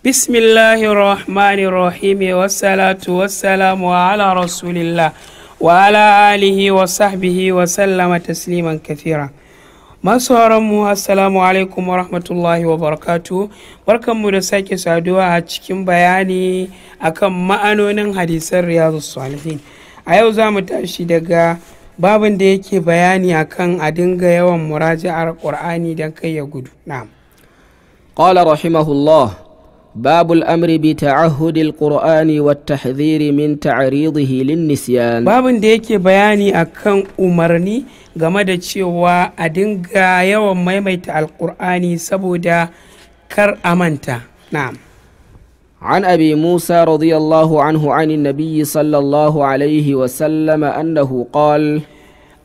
bismillahirrahmanirrahim wassalatu wassalamu ala rasulillah wa ala alihi wa sahbihi wa sallama tasliman kathira masu mu assalamu alaikum wa rahmatullahi wa barakatu barkanmu da sake saduwa a cikin bayani akan ma'anonin hadisan riyadu salihin a yau za mu tashi daga babin da yake bayani akan a dinga yawan muraja'ar qur'ani don kai ya gudu na'am qala rahimahullah باب الأمر بتعهد القرآن والتحذير من تعريضه للنسيان باب da yake bayani akan umarni game da cewa a dinga yawan maimaita alƙur'ani saboda kar a manta na'am عن أبي موسى رضي الله عنه عن النبي صلى الله عليه وسلم أنه قال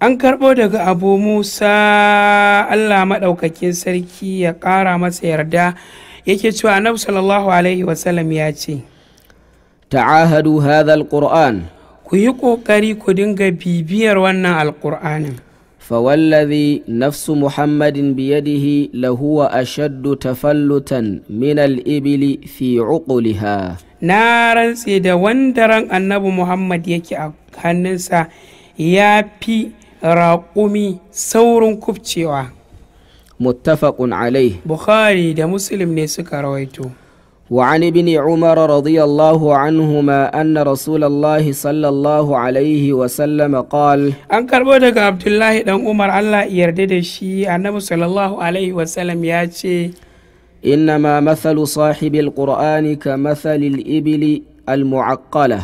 an karɓo daga abu musa allah maɗaukakin sarki ya ƙara masa yarda yake cewa annabi sallallahu alaihi wasallam ya ce ta'ahadu hadha alquran ku yi kokari ku dinga bibiyar wannan alqur'anin fa wallazi nafsu muhammadin biyadihi lahuwa a wa ashaddu tafallutan min al fi fi uquliha na rantse da wanda ran annabi muhammad yake a hannunsa ya fi raƙumi saurin kufcewa. متفق عليه بخاري ده مسلم نسك suka وعن ابن عمر رضي الله عنهما أن رسول الله صلى الله عليه وسلم قال أن كربو عبد الله دان عمر الله يردد الشيء النبي صلى الله عليه وسلم ياتي إنما مثل صاحب القرآن كمثل الإبل المعقلة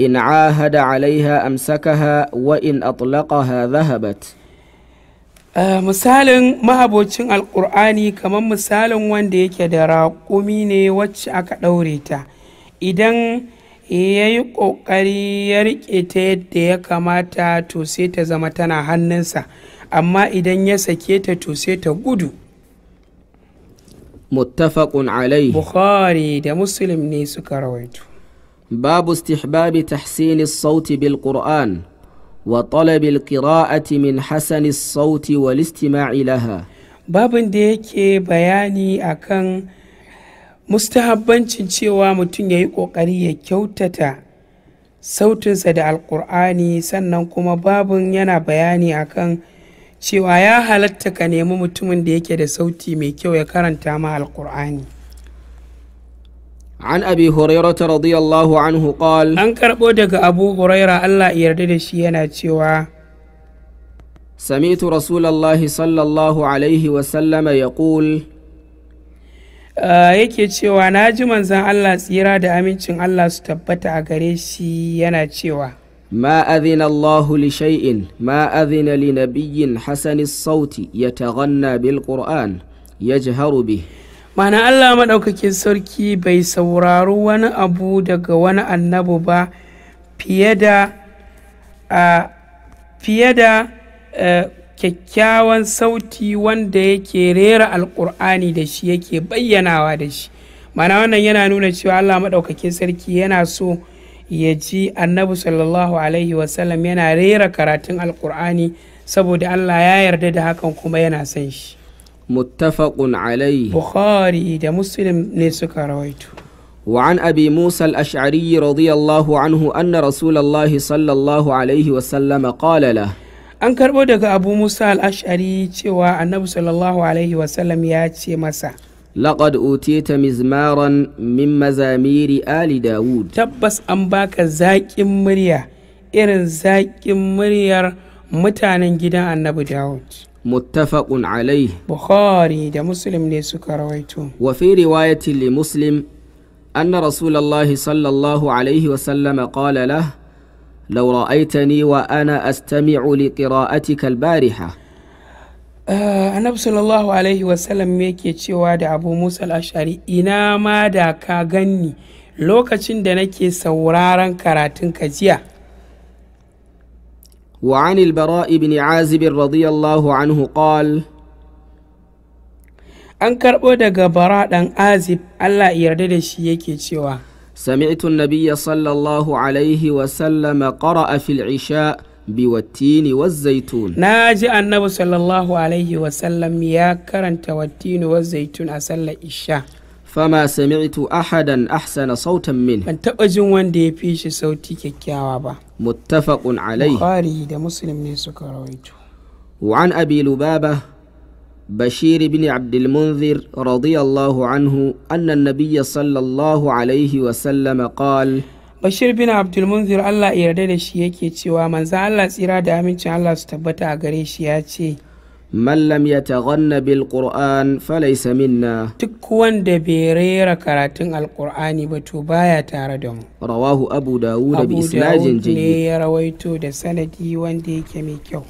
إن عاهد عليها أمسكها وإن أطلقها ذهبت Eh, misalin mahabocin alkur'ani kamar misalin wanda yake da raƙumi ne wacce aka ɗaure ta idan ya yi ƙoƙari ya riƙe ta yadda ya kamata to sai ta zama tana hannunsa amma idan ya sake ta to sai ta gudu muttafaqun alai bukhari da muslim ne suka rawaitu. babu istihbabi tahsini sauti bil qur'an wa وطلب القراءة من حسن الصوت والاستماع لها babin da yake bayani akan mustahabbancin cewa mutum ya yi ƙoƙari ya kyautata sautinsa da alƙur'ani sannan kuma babin yana bayani akan cewa ya halatta ka nemi mutumin da yake da sauti mai kyau ya karanta ma alƙur'ani عن أبي هريرة رضي الله عنه قال أن كربوتك أبو هريرة الله يرد شيئا تشوى سمعت رسول الله صلى الله عليه وسلم يقول yake cewa na ji manzon Allah tsira da amincin Allah su tabbata a gare shi yana cewa ma adhina Allah li shay'in ma adhina li nabiyyin hasani sauti yataghanna bil qur'an yajharu bihi mana Allah maɗaukakin sarki bai saurari wani abu daga wani annabi ba fiye da fiye da e, kyakkyawan sauti wanda yake rera alƙur'ani da shi yake bayyanawa da shi mana wannan yana nuna cewa Allah maɗaukakin sarki yana so ya ji annabi sallallahu alaihi wasallam yana rera karatun alƙur'ani saboda Allah ya yarda da hakan kuma yana son shi muttafaqun alayhi bukhari da muslim ne suka rawaito wa an موسى الأشعري رضي الله عنه أن رسول الله صلى الله عليه وسلم an karɓo daga abu musa al'ashari cewa annabi sallallahu alaihi sallam ya ce masa laqad utita mizmaran min mazamiri ali dawud tabbas an baka zaƙin murya irin zaƙin muryar mutanen gidan annabi dawud muttafaqun alai bukhari da muslim ne suka rawaito wa fi riwayati li muslim anna rasulullahi sallallahu alaihi wa ana qala lahu kira رأيتني وأنا أستمع لقراءتك البارحة annabi sallallahu alaihi wasallam yake cewa da abu musa al'ashari ina ma da ka ganni lokacin da nake sauraron karatun kajiya وعن البراء بن عازب رضي الله عنه قال an karɓo daga bara ɗan azib allah yarda da shi yake cewa سمعت النبي صلى الله عليه وسلم قرأ في العشاء بوتين والزيتون ناجي النبي صلى الله عليه وسلم يا كرنت والتين والزيتون أسل إشاء fama sami'tu ahadan ahsana sautan min ban taba jin wanda ya fi shi sauti kyakkyawa ba muttafaqun alai bukhari da muslim ne suka rawaito wa an abi lubaba بشير بن عبد radiyallahu anhu anna an-nabiy sallallahu alayhi wa sallam qala bashir بشير بن عبد allah ya da shi yake cewa manzo Allah tsira da amincin Allah su tabbata a gare shi ya ce mallam ya taghanna bil qur'an falaysa minna duk wanda bai rera karatun alqur'ani ba to baya tare da mu rawahu abu dawud bi isnadin jayyid ne ya rawaito da sanadi wanda yake mai kyau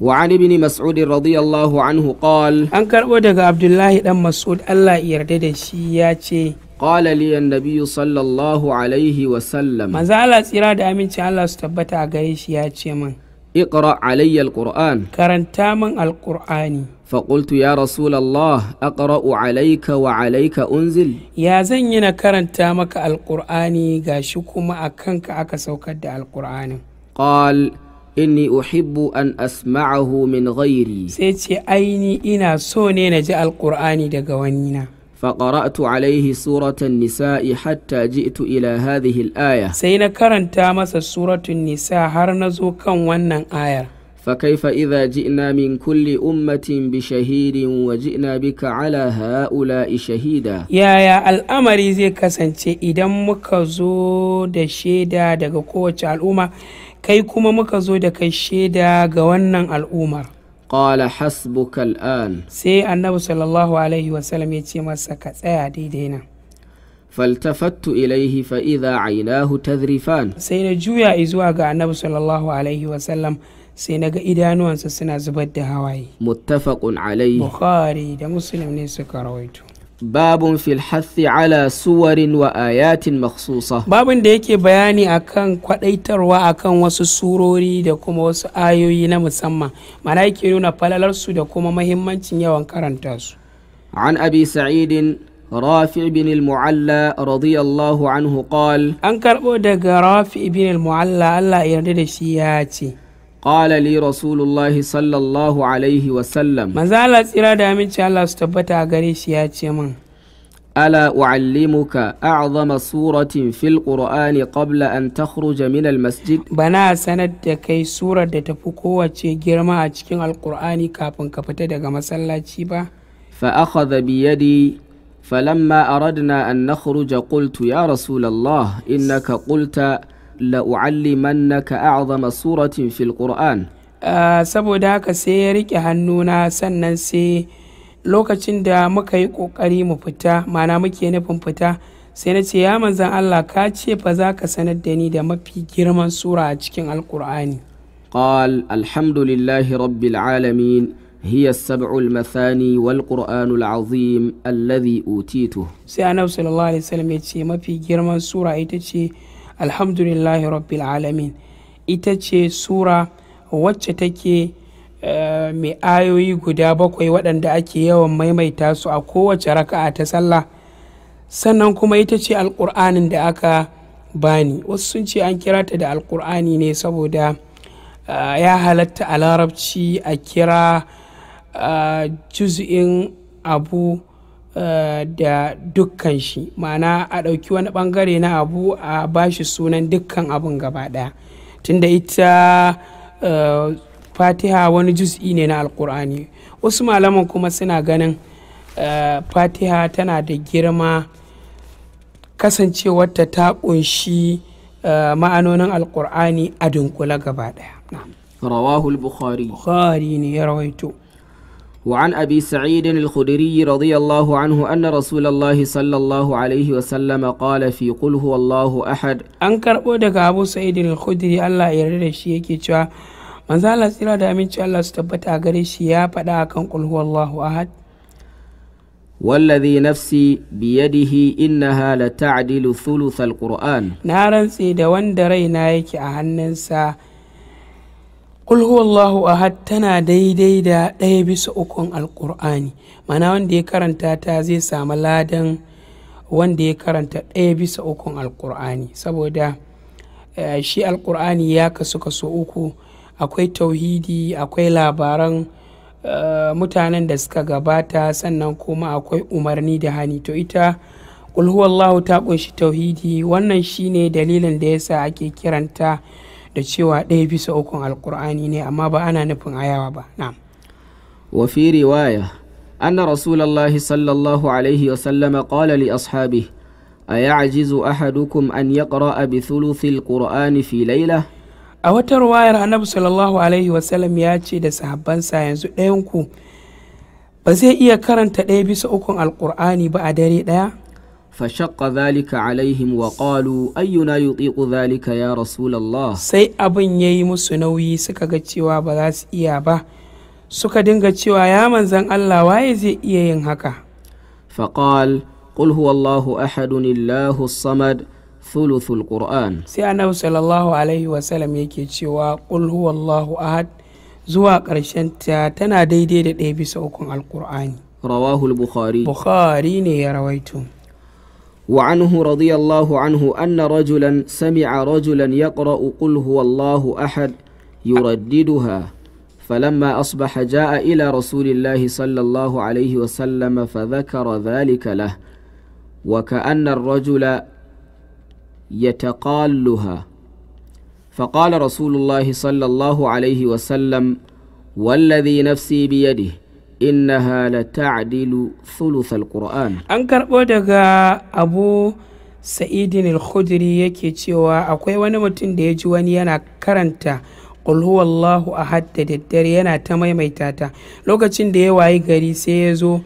وعن ابن مسعود رضي الله عنه قال أن كربو عبد الله بن مسعود الله يرده شي ياتي قال لي النبي صلى الله عليه وسلم ما زال tsira da aminci Allah su tabbata a gare shi ya ce min Iqra Alayyalkur'an. Karanta man Alkur'ani. Faƙultu ya rasulallah akara ukalayka wa alayka unzil. Ya zanyena karanta maka Alkur'ani, ga shi kuma a kanka aka sauƙaɗɗa Alkur'anin. Qal inni u xibbu an asmacahu min ghayri. Sai ce ai ni ina so ne na ji Alkur'ani daga wani na. فقرأت عليه سورة النساء حتى جئت إلى هذه الآية سينا كرنتا مسا سورة النساء هرنزو كان ونن آية فكيف إذا جئنا من كل أمة بشهيد وجئنا بك على هؤلاء شهيدا يا يا الأمر زي كسنتي إذا مكزو دشيدا دقوة الأمة kai kuma muka zo da kai shaida ga qala hasbuka an. sai annabi sallallahu alaihi wasallam ya ce masa ka tsaya daidai nan faltafattu ilaihi fa idza aynahu tadrifan sai na juya zuwa ga annabi sallallahu alaihi wasallam sai na ga idanuwansa suna zubar da hawaye muttafaƙun alaihi bukhari da muslim ne suka rawaito babun fil hathi ala suwarin wa ayatin makhsusa babun da yake bayani akan kwadaitarwa akan wasu surori da kuma wasu ayoyi na musamman mana yake nuna falalarsu da kuma mahimmancin yawan karanta su an abi sa'idin rafi bin mualla radiyallahu anhu qal an karɓo daga rafi bin mualla Allah ya yarda da shi ya ce qala li rasulullahi sallallahu alaihi wasallam manzo Allah tsira da aminci Allah su tabbata a gare shi ya ce min ala uallimuka a'zama suratin fil qur'ani qabla an takhruja minal masjid bana sanar da kai surar da tafi kowace girma a cikin alkur'ani kafin ka fita daga masallaci ba fa akhadha bi yadi فلما أردنا أن نخرج قلت يا رسول الله إنك قلت la'u'allimannaka a'zama suratin fil qur'an ah, saboda haka sai ya rike hannuna sannan sai lokacin da muka yi kokari mu fita mana muke nufin fita sai na ce ya manzan Allah ka ce fa za ka sanar da ni da mafi girman sura a cikin alkur'ani qal alhamdulillahi rabbil alamin hiya sab'ul mathani wal qur'anul azim alladhi utituhu sai annabi sallallahu alaihi wasallam ce mafi girman sura ita ce alhamdulillahi rabbil alamin ita ce sura wacce take eh, mai ayoyi guda bakwai waɗanda ake yawan maimaita su a kowace raka'a ta sallah sannan kuma ita ce alƙur'anin da aka bani wasu sun ce an kira ta da alƙur'ani ne saboda eh, ya halatta a larabci a kira eh, juz'in abu Eh, da dukkan shi ma'ana a ɗauki wani ɓangare na abu a bashi sunan dukkan abun gaba ɗaya tunda ita eh, fatiha wani juz'i ne na alkur'ani wasu malaman kuma suna ganin eh, fatiha tana da girma kasancewarta ta ƙunshi ma'anonin alkur'ani a dunkula gaba ɗaya rawahul bukhari bukhari ne ya rawaito وعن أبي سعيد الخدري رضي الله عنه أن رسول الله صلى الله عليه وسلم قال في قل هو الله أحد أنكر أودك أبو سعيد الخدري الله يرد الشيكي شوى manzo Allah tsira da aminci Allah su tabbata a gare shi ya faɗa kan qul huwallahu ahad wallazi nafsi biyadihi innaha la ta'dilu thuluth alquran na rantse da wanda raina yake a hannunsa ulhu wallahu ahad tana daidai da ɗaya bisa ukun alkur'ani mana wanda ya karanta ta zai samu ladan wanda ya karanta ɗaya bisa ukun alkur'ani saboda eh, shi alkur'ani ya kasu kaso uku akwai tauhidi akwai labaran eh, mutanen da suka gabata sannan kuma akwai umarni da hani to ita Allahu ta ƙunshi tauhidi wannan shine dalilin da yasa ake kiranta da cewa ɗaya bisa ukun alkur'ani ne amma ba ana nufin ayawa ba na. wa fi riwaya anna rasulullahi sallallahu alaihi wa sallama qala li ashabi ayajizu ahadukum an yaqra'a bi thuluthil Kur'ani fi layla a wata ruwayar annabi sallallahu alaihi wa sallam ya ce da sahabbansa yanzu ɗayanku ba zai iya karanta ɗaya bisa ukun alkur'ani ba a dare ɗaya fashaqqa zalika alaihim wa qalu ayyuna yutiqu zalika ya rasulullah sai abin yayi musu nauyi suka ga cewa ba za su iya ba suka dinga cewa ya manzan Allah waye zai iya yin haka faqal qul huwallahu ahadun illahu samad thuluthul qur'an sai annabi sallallahu alaihi wasallam yake cewa qul huwallahu ahad zuwa ƙarshen ta tana daidai da ɗaya bisa ukun alƙur'ani rawahul bukhari bukhari ne ya rawaito وعنه رضي الله عنه أن رجلا سمع رجلا يقرأ قل هو الله أحد يرددها فلما أصبح جاء إلى رسول الله صلى الله عليه وسلم فذكر ذلك له وكأن الرجل يتقالها فقال رسول الله صلى الله عليه وسلم والذي نفسي بيده innaha la ta'dilu sulusal qur'an an karɓo daga abu sa'idin al-khudri yake cewa akwai wani mutum da ya ji wani yana karanta qul huwallahu ahad da daddare yana ta maimaita ta lokacin da ya wayi gari sai ya zo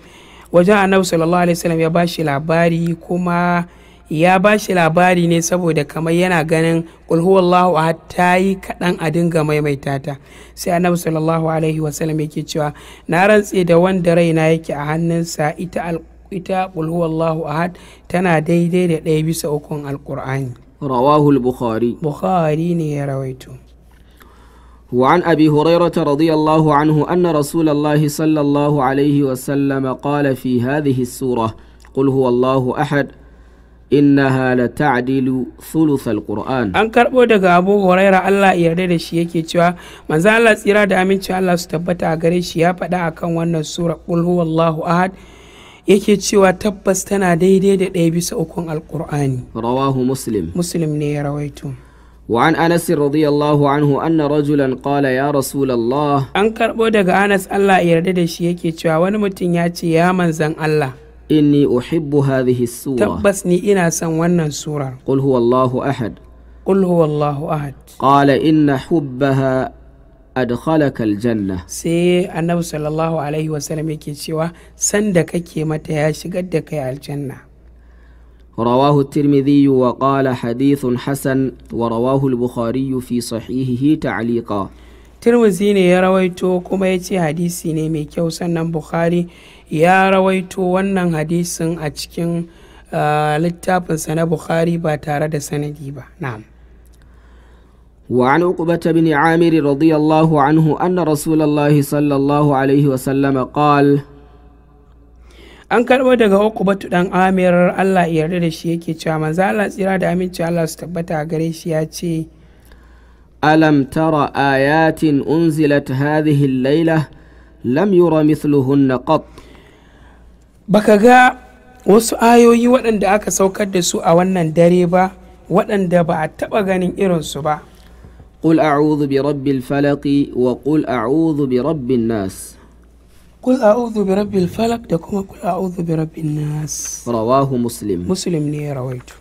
wajen annabi sallallahu alaihi wasallam ya bashi labari kuma ya ba shi labari ne saboda kamar yana ganin kulhuwallahu a ta yi kaɗan a dinga maimaita ta sai annabi sallallahu alaihi wasallam yake cewa na rantse da wanda raina yake a hannunsa ita ita kulhuwallahu ahad tana daidai da ɗaya bisa ukun alkur'ani rawahul bukhari bukhari ne ya rawaito وعن أبي هريرة رضي الله عنه أن رسول الله صلى الله عليه وسلم قال في هذه السورة قل هو الله أحد innaha la ta'dilu sulusal qur'an an karɓo daga abu huraira Allah yarda da shi yake cewa manzo Allah tsira da aminci Allah su tabbata a gare shi ya faɗa akan wannan sura qul huwallahu ahad yake cewa tabbas tana daidai da ɗaya bisa ukun alqur'ani rawahu muslim muslim ne ya rawaito وعن أنس رضي الله عنه أن رجلا قال يا رسول الله أنكر بودك أنس الله يردد شيء كي تشوى ونمتن يا منزن الله inni uhibbu hadhihi sura tabbas ni ina son wannan surar qul huwallahu ahad qul huwallahu ahad qala inna hubbaha adkhalaka aljanna sai annabi sallallahu alaihi wasallam yake cewa sanda kake mata ya shigar da kai aljanna رواه الترمذي وقال حديث حسن ورواه البخاري في صحيحه تعليقا ترمذي ne ya rawaito kuma yace hadisi ne mai kyau sannan bukhari ya rawaito wannan hadisin a cikin ah, littafinsa na bukhari ba tare da sanadi ba na'am وعن عقبة بن عامر رضي الله عنه أن رسول الله صلى الله عليه وسلم قال an karɓo daga uqubatu dan amir Allah ya yarda da shi yake cewa manzo Allah tsira da aminci Allah su tabbata a gare shi ya ce alam tara ayatin unzilat hadhihi al-laila lam yura mithluhunna qat baka ga wasu ayoyi waɗanda aka saukar da su a wannan dare ba waɗanda ba a taɓa ganin irinsu ba قل أعوذ برب الفلق وقل أعوذ برب الناس قل أعوذ برب الفلق دكما قل أعوذ برب الناس رواه مسلم مسلم ني رويته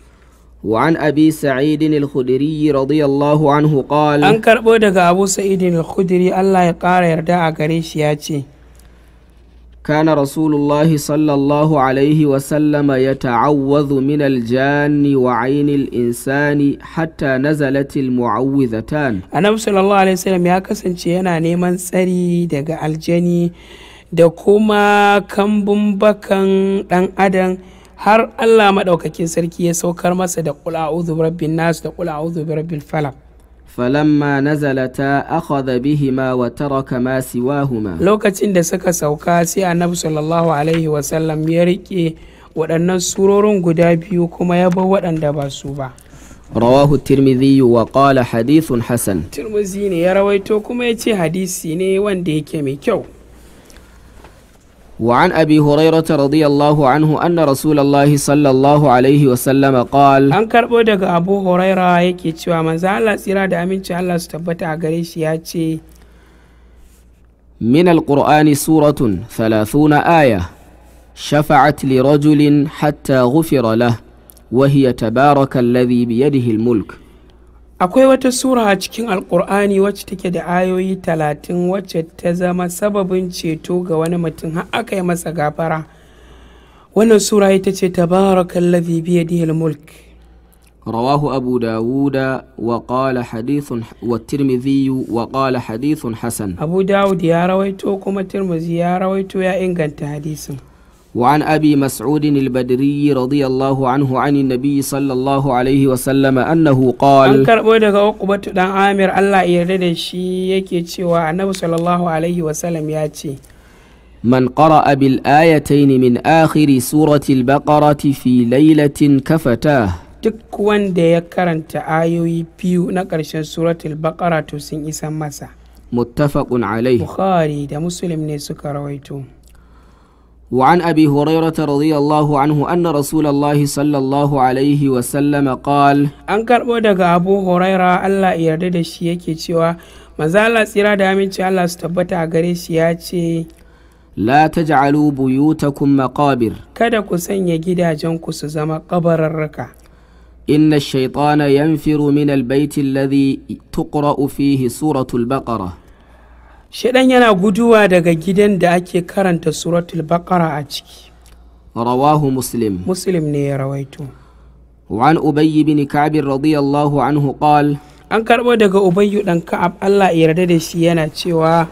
وعن أبي سعيد الخدري رضي الله عنه قال أنكر بودك أبو سعيد الخدري الله يقار يرداء قريش ياتي كان رسول الله صلى الله عليه وسلم يتعوذ من الجان وعين الإنسان حتى نزلت المعوذتان النبي صلى الله عليه وسلم يا kasance yana neman tsari daga aljani da kuma kambun bakan ɗan adam har Allah maɗaukakin sarki ya saukar masa da kula a'udhu rabbin nas da kula a'udhu rabbil falaq falamma na zalata, akhadha bihima wa taraka ma siwahuma lokacin da suka sauka sai annabi sallallahu alaihi wasallam ya riƙe waɗannan surorin guda biyu kuma ya bar waɗanda ba su ba rawahu tirmidhi wa qala hadisin Hassan. Tirmizi ne ya rawaito kuma ya ce hadisi ne wanda yake mai kyau وعن أبي هريرة رضي الله عنه أن رسول الله صلى الله عليه وسلم قال أن كربو دغ أبو هريرة يكي تشوى من زالة سيرا دامين تشوى الله ستبتع غريش ياتي من القرآن سورة ثلاثون آية شفعت لرجل حتى غفر له وهي تبارك الذي بيده الملك akwai wata sura a cikin alkur'ani wacce take da ayoyi talatin wacce ta zama sababin ceto ga wani mutum har aka yi masa gafara wannan sura ita ce tabarakallazi biyadihi mulk rawahu abu dawuda wa qala hadithun wa tirmidhi wa hadithun Hassan. abu dawud ya rawaito kuma tirmizi ya rawaito ya inganta hadisin وعن أبي مسعود البدري رضي الله عنه عن النبي صلى الله عليه وسلم أنه قال أن كربو دغا دان عامر الله يرده شي يكي cewa صلى الله عليه وسلم ياتي من قرأ بالآيتين من آخر سورة البقرة في ليلة كفتاه duk wanda ya karanta ayoyi biyu na ƙarshen suratul baqara to sun isa masa muttafaqun alayhi bukhari da muslim ne suka rawaito وعن أبي هريرة رضي الله عنه أن رسول الله صلى الله عليه وسلم قال أن كربو دغا أبو هريرة الله يرده دشي yake cewa manzo Allah tsira da aminci Allah su tabbata a gare shi ya ce La taj'alu buyutakum maqabir kada ku sanya gidajenku su zama kabararraka inna ash-shaytana yanfiru min al-bayt alladhi tuqra'u fihi suratul baqarah Shi yana guduwa daga gidan da ake karanta suratul baƙara a ciki. Rawahu, Muslum. Muslum ne ya rawaito. 'an Ubaiyi bini Kabir, ra'ziyallahu an huƙal. An karɓo daga Ubaiyi ɗan Ka'abu. Allah iya da shi yana cewa.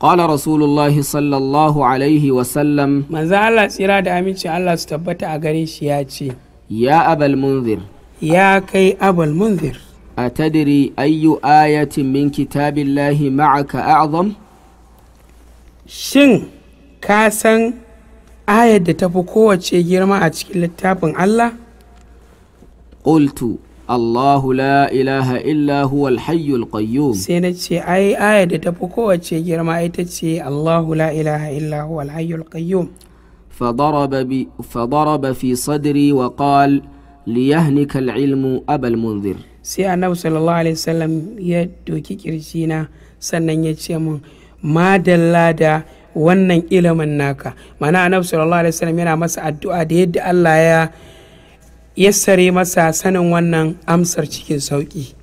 Qala Rasulullahi sallallahu aleyhi wa sallam. Manza Allah tsira da aminci, Allah su tabbata a garin shi ya ce. Ya abal munzir. Ya kai abal munzir. أتدري أي آية من كتاب الله معك أعظم؟ شن كاسن آية تفكوة جرما أتشكل التابن الله؟ قلت الله لا إله إلا هو الحي القيوم سينتشي أي آية تفكوة جرما أتشي الله لا إله إلا هو الحي القيوم فضرب, بي فضرب في صدري وقال ليهنك العلم أبا المنذر sai annabi sallallahu alaihi wasallam ya doki kirji na sannan ya ce mun madalla da wannan ilimin naka mana annabi sallallahu alaihi wasallam yana masa addu'a da yadda Allah ya yassare masa sanin wannan amsar cikin sauki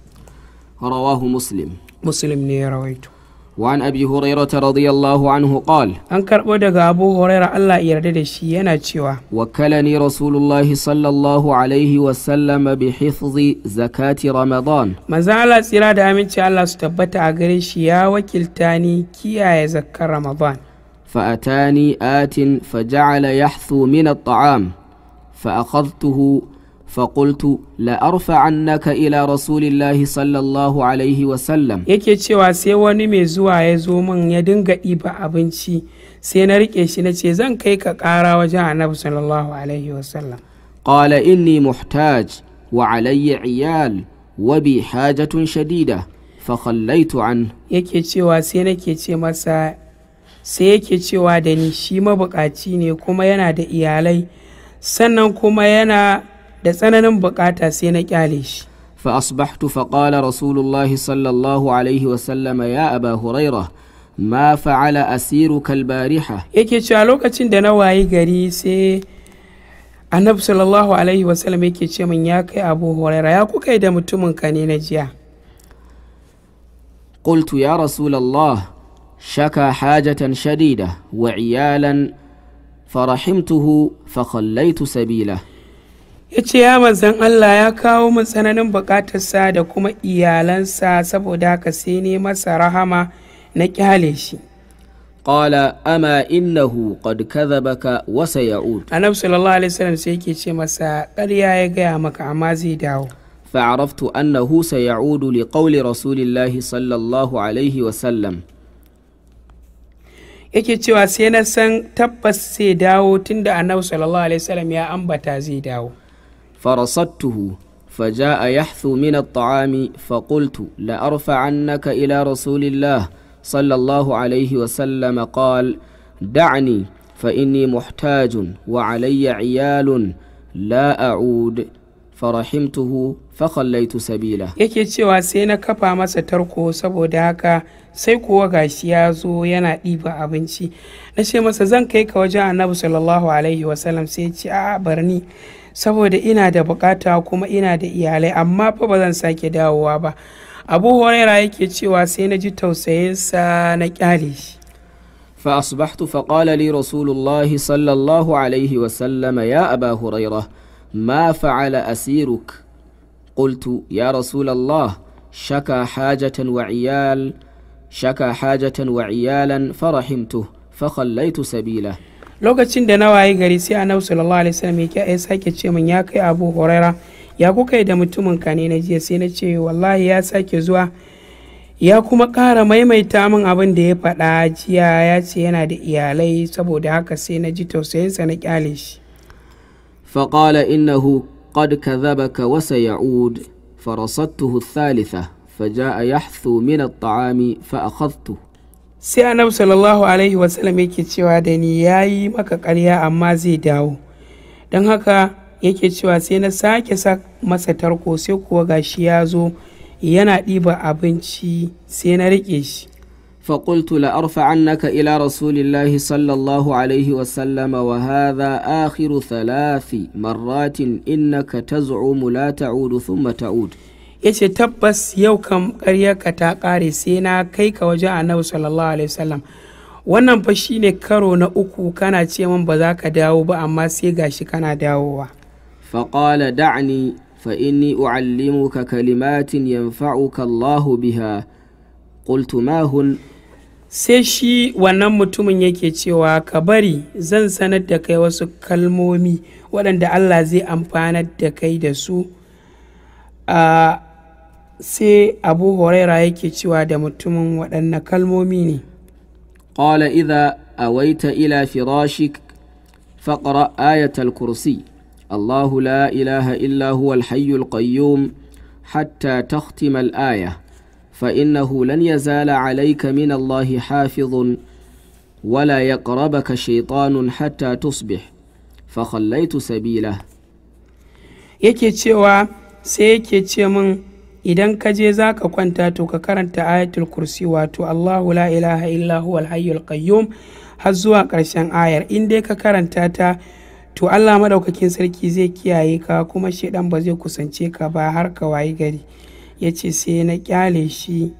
rawahu muslim muslim ne ya rawaito وعن أبي هريرة رضي الله عنه قال أنكر أودك أبو هريرة الله يرد شيئا تشوى وكلني رسول الله صلى الله عليه وسلم بحفظ زكاة رمضان ما زال سيراد أمين الله ستبت أغريش يا وكلتاني كيا زكاة رمضان فأتاني آت فجعل يحثو من الطعام فأخذته فقلت لأرفعنك إلى رسول الله صلى الله عليه وسلم yake cewa sai wani mai zuwa ya zo min ya dinga ɗiba abinci sai na riƙe shi na ce zan kai ka ƙara wajen annabi sallallahu alaihi wasallam qala inni muhtaj wa alayya iyal wa bi hajatun shadida fa khallaitu an yake cewa sai nake ce masa sai yake cewa da ni shi mabukaci ne kuma yana da iyalai sannan kuma yana da tsananin bukata sai na ƙyale shi. Fa asibahtu faƙala Rasulullah sallallahu Alaihi wasallam ya aba huraira ma fa'ala asiru kalbariha. Yake cewa lokacin da na wayi gari sai annabi sallallahu Alaihi wasallam yake ce min ya kai abu huraira ya kuka da mutumin ka ne na jiya. Ƙultu ya Rasulallah shaka hajatan shadida wa iyalan farahimtuhu fa kallaitu sabila. ya ce ya manzan Allah ya kawo min tsananin bukatarsa da kuma iyalansa saboda haka sai ne masa rahama na kyale shi Ƙala ama innahu qad kadhabaka wa sayaudu annabi sallallahu alaihi wasallam sai ke ce masa ƙarya ya gaya maka amma zai dawo فعرفت أنه سيعود لقول رسول الله صلى الله عليه وسلم yake cewa sai na san tabbas sai dawo tunda annabi sallallahu alaihi wasallam ya ambata zai dawo فرصدته فجاء يحثو من الطعام فقلت عنك إلى رسول الله صلى الله عليه وسلم قال دعني فإني محتاج وعلي عيال لا أعود فرحمته فخليت sabila yake cewa sai na kafa masa tarko saboda haka sai kuwa gashi ya zo yana ɗiba abinci na ce masa zan kai ka wajen annabi sallallahu alaihi sai ce barni saboda ina da bukata kuma ina da iyalai amma fa ba zan sake dawowa ba abu horaira yake cewa sai na ji tausayinsa na kyale fa asbahtu fa qala li rasulullahi sallallahu alaihi wa sallam ya aba huraira ma fa'ala asiruk qultu ya rasulullah shaka hajatan wa iyal shaka hajatan wa iyalan farahimtu fa khallaitu sabila lokacin da na waye gari sai annabi sallallahu alaihi wasallam ya sake ce min ya kai abu huraira ya kuka yi da mutumin ka ne na jiya sai na ce wallahi ya sake zuwa ya kuma ƙara maimaita min abin da ya faɗa jiya ya ce yana da iyalai saboda haka sai na ji tausayinsa na kyale shi faƙala innahu qad kadhabaka wa sayaudu farasattuhu thalitha a yahthu min at-ta'ami fa akhadhtuhu sai annabi sallallahu alaihi wasallam yake cewa da ni ya yi maka karya amma zai dawo don haka yake cewa sai na sake sa masa tarko sai kuwa gashi ya zo yana ɗiba abinci sai na riƙe shi فقلت لأرفعنك إلى رسول الله صلى الله عليه وسلم وهذا آخر ثلاث مرات إنك la ta'udu تعود ثم تعود ya ce tabbas yau karya ka ta ƙare sai na kai ka waje annabi sallallahu alaihi wasallam wannan fa shine karo na uku kana ce min ba za ka dawo ba amma sai gashi kana dawowa faqala da'ni fa inni u'allimuka kalimatin yanfa'uka Allahu biha qultu sai shi wannan mutumin yake cewa ka bari zan sanar da kai wasu kalmomi waɗanda Allah zai amfanar da kai da su a ah, sai abu huraira yake cewa da mutumin waɗannan kalmomi ne ƙala a waita ila firashik faƙara ayatal kursi allahu la ilaha illa huwa alhayyul hatta takhtima al-aya فإنه لن يزال عليك من الله حافظ ولا يقربك hatta tusbih fa kallaitu sabila yake cewa sai yake ce min idan ka je za ka kwanta to ka karanta ayatul kursi wato allahu la ilaha illahu alhayyul qayyum har zuwa karshen ayar in dai ka karanta ta to allah madaukakin sarki zai kiyaye ka kuma shaidan ba zai kusance ka ba har ka wayi gari yace sai na kyale shi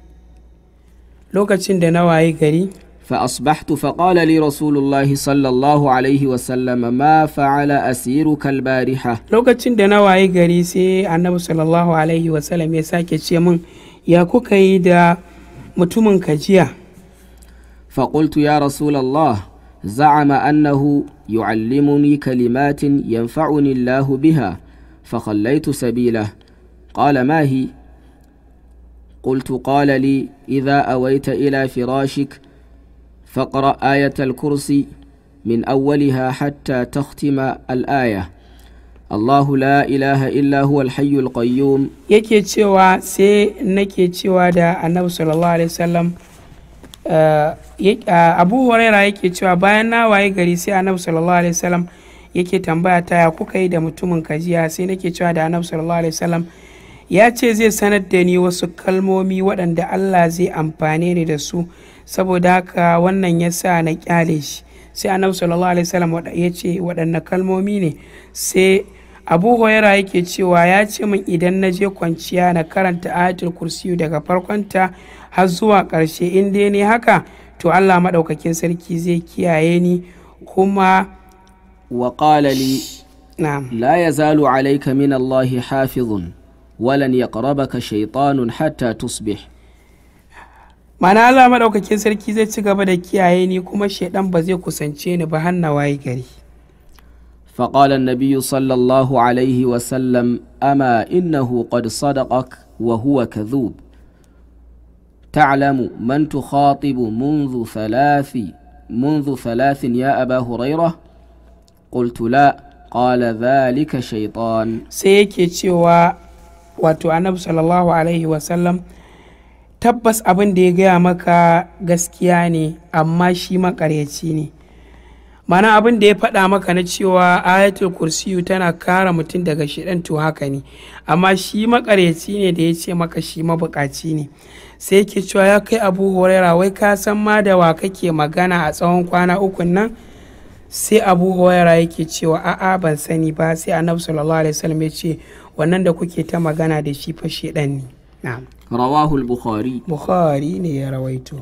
lokacin da na wayi gari فأصبحت فقال لي رسول الله صلى الله عليه وسلم ما فعل أسيرك البارحة لوكacin da na waye gari sai Annabi sallallahu alaihi wasallam ya sake ce min ya kuka yi da mutumin kajiya فقلت يا رسول الله زعم أنه يعلمني كلمات ينفعني الله بها فخليت سبيله قال ما هي قلت قال لي إذا أويت إلى فراشك فاقرأ ايه الكرسي من اولها حتى تختم الايه Allahu la ilaha الا هو الحي qayyum yake cewa sai nake cewa da Annabi sallallahu alaihi wasallam Abu Huraira yake cewa bayan na waye gari sai Annabi sallallahu alaihi wasallam yake tambaya ta ya kuka yi da mutumin kajiya sai nake cewa da Annabi sallallahu alaihi wasallam ya ce zai sanar da ni wasu kalmomi waɗanda Allah zai amfane ni da su saboda haka wannan ya sa na kyale shi sai annabi sallallahu alaihi wasallam ya ce waɗanne kalmomi ne sai abu hoyara yake cewa ya ce min idan na je kwanciya na karanta ayatul kursi daga farkonta har zuwa ƙarshe in dai ne haka to allah maɗaukakin sarki zai kiyaye ni kuma waƙalali la ya zalu alaika min allahi hafizun walan ya ƙarabaka shaitanun hatta tusbih mana Allah madaukakin sarki zai ci gaba da kiyaye ni kuma shedan ba zai kusance ni ba har na waye gari fa qala an-nabi sallallahu alaihi wa sallam ama innahu qad sadaqak wa huwa kadhub ta'lamu man tukhatibu mundhu thalathi mundhu thalathin ya aba huraira qultu ƙala qala dhalika shaytan sai yake cewa wato annabi sallallahu alaihi wa sallam tabbas abin da ya gaya maka gaskiya ne amma shi makaryaci ne mana abin da ya faɗa maka na cewa ayatul kursiyu tana kara mutum daga shiɗan to haka ne amma shi makaryaci ne da ya ce maka shi mabukaci ne sai ke cewa ya kai abu horaira wai ka san ma da wa kake magana a tsawon kwana uku nan sai abu horaira yake cewa a'a ban sani ba sai annabi sallallahu alaihi wasallam ya ce wannan da kuke ta magana da shi fa shiɗan ne na'am rawahul bukhari. bukhari ne ya rawaito.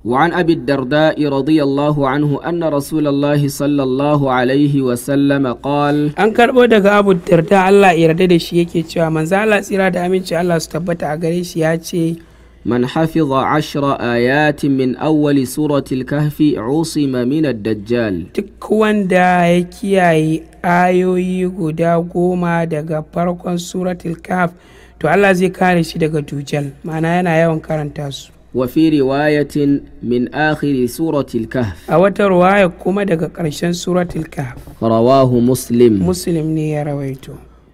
Waccan abin darda, irodiyallahu canhu, ana Rasulallah sallallahu alaihi wa sallama qal. An karɓo daga abubuwan darda, Allah yana da shi yake cewa, Manzala, Tsira da Aminci, Allah su tabbata a garin shi yace. man hafiza ashira ayati min awali surat alkafi, coci min a dajjal. Duk wanda ya kiyaye ayoyi guda goma daga farkon suratul alkaf. to Allah zai kare shi daga tujal. ma'ana yana yawan karanta su wa fi riwayatin min akhiri suratil kahf a wata riwaya kuma daga ƙarshen suratul kahf rawahu muslim muslim ne ya rawaito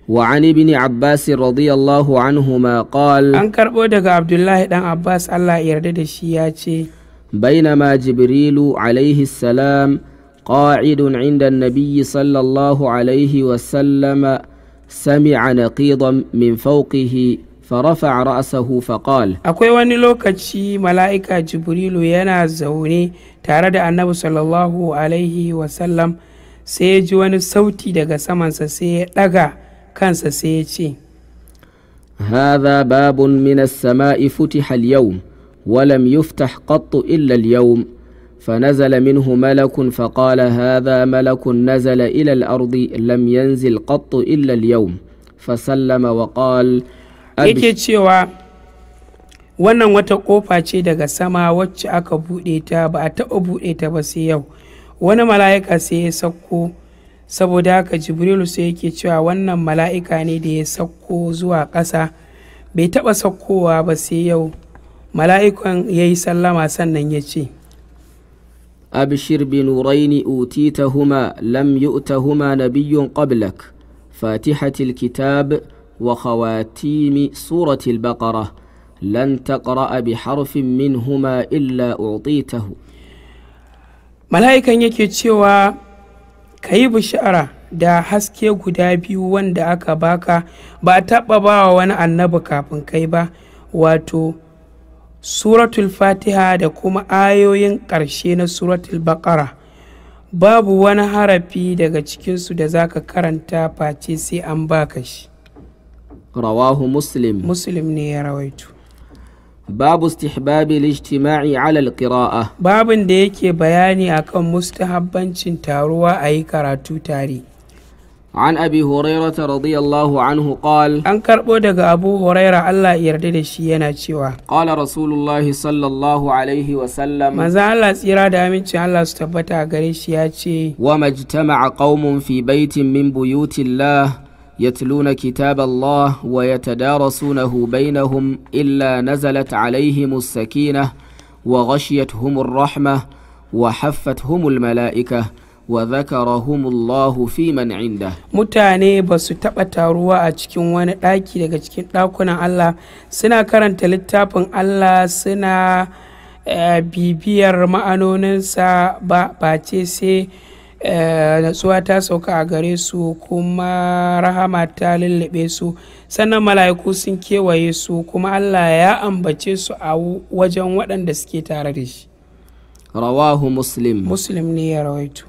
وعن ابن عباس رضي الله An karɓo daga كربو ɗan Abbas Allah yarda da shi يرده دشي ياتي بينما جبريل عليه السلام قاعد عند النبي صلى الله عليه وسلم سمع نقيضا من فوقه فرفع رأسه فقال akwai wani lokaci mala'ika jibrilu yana zaune tare da annabi sallallahu sai ya ji wani sauti daga samansa sai ya ɗaga kansa sai ya ce هذا باب من السماء فتح اليوم ولم يفتح قط إلا اليوم فنزل منه ملك فقال هذا ملك نزل إلى الأرض لم ينزل قط إلا اليوم فسلم وقال yake cewa wannan wata kofa ce daga sama wacce aka buɗe ta ba a taɓa buɗe ta ba sai yau wani mala'ika sai ya sakko saboda haka jibrilu sai yake cewa wannan mala'ika ne da ya sauko zuwa ƙasa bai taɓa saukowa ba sai yau mala'ikan ya yi sallama sannan ya ce uti أبشر بنورين أوتيتهما لم يؤتهما نبي قبلك فاتحة الكتاب وخواتيم سورة البقرة لن تقرأ بحرف منهما إلا أعطيته mala'ikan yake cewa ka yi bishara da haske guda biyu wanda aka baka ba a taɓa ba wani annabi kafin kai ba wato suratul fatiha da kuma ayoyin ƙarshe na suratul baƙara babu wani harafi daga cikinsu da za ka karanta face sai an baka shi rawahu muslim muslim ne ya rawaito babu istihbabi lijtima'i ala alqira'a babin da yake bayani akan mustahabbancin taruwa a yi karatu tare عن أبي هريرة رضي الله عنه قال أن كربو دغ أبو هريرة الله يرد شي yana cewa قال رسول الله صلى الله عليه وسلم manzo Allah tsira da amincin Allah su tabbata gare shi ya ce wama jtama'a qaumun fi baitin min buyutillah يتلون كتاب الله ويتدارسونه بينهم إلا نزلت عليهم السكينة وغشيتهم الرحمة وحفتهم الملائكة wa zakarahumullahu fi man inda mutane ba su taɓa taruwa a cikin wani ɗaki daga cikin ɗakunan Allah suna karanta littafin Allah suna eh, bibiyar ma'anoninsa ba ce sai eh, natsuwa ta sauka a gare su kuma rahama ta lullube su sannan mala'iku sun kewaye su kuma Allah ya ambace su a wajen waɗanda suke tare da shi rawahu muslim muslim ne ya rawaito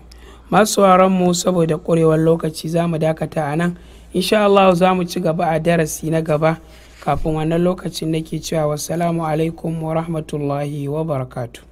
masu mu saboda ƙwarewar lokaci za mu dakata a nan insha Allah za mu ci gaba a darasi na gaba kafin wannan lokacin nake cewa wasu alaikum wa rahmatullahi wa barakatu